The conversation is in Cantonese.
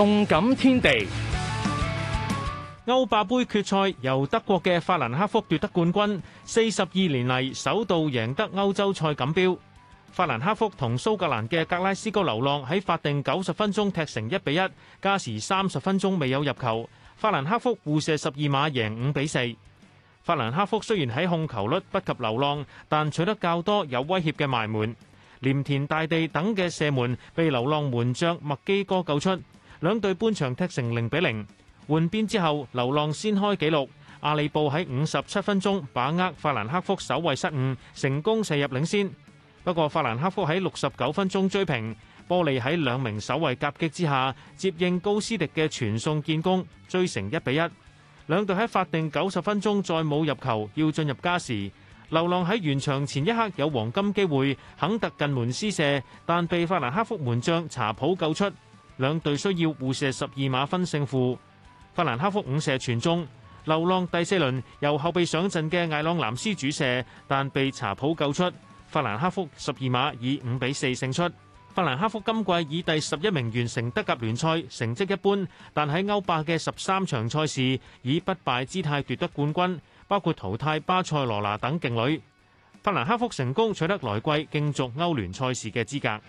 動感天地歐霸盃決賽由德國嘅法蘭克福奪得冠軍，四十二年嚟首度贏得歐洲賽錦標。法蘭克福同蘇格蘭嘅格拉斯哥流浪喺法定九十分鐘踢成一比一，加時三十分鐘未有入球。法蘭克福互射十二碼贏五比四。法蘭克福雖然喺控球率不及流浪，但取得較多有威脅嘅埋門。鎌田大地等嘅射門被流浪門將麥基哥救出。兩隊半場踢成零比零，換邊之後流浪先開紀錄。阿里布喺五十七分鐘把握法蘭克福守衛失誤，成功射入領先。不過法蘭克福喺六十九分鐘追平，波利喺兩名守衛夾擊之下接應高斯迪嘅傳送建功，追成一比一。兩隊喺法定九十分鐘再冇入球，要進入加時。流浪喺完場前一刻有黃金機會，肯特近門施射，但被法蘭克福門將查普救出。兩隊需要互射十二碼分勝負。法蘭克福五射全中，流浪第四輪由後備上陣嘅艾朗南斯主射，但被查普救出。法蘭克福十二碼以五比四勝出。法蘭克福今季以第十一名完成德甲聯賽，成績一般，但喺歐霸嘅十三場賽事以不敗姿態奪得冠軍，包括淘汰巴塞羅那等勁旅。法蘭克福成功取得來季競逐歐聯賽事嘅資格。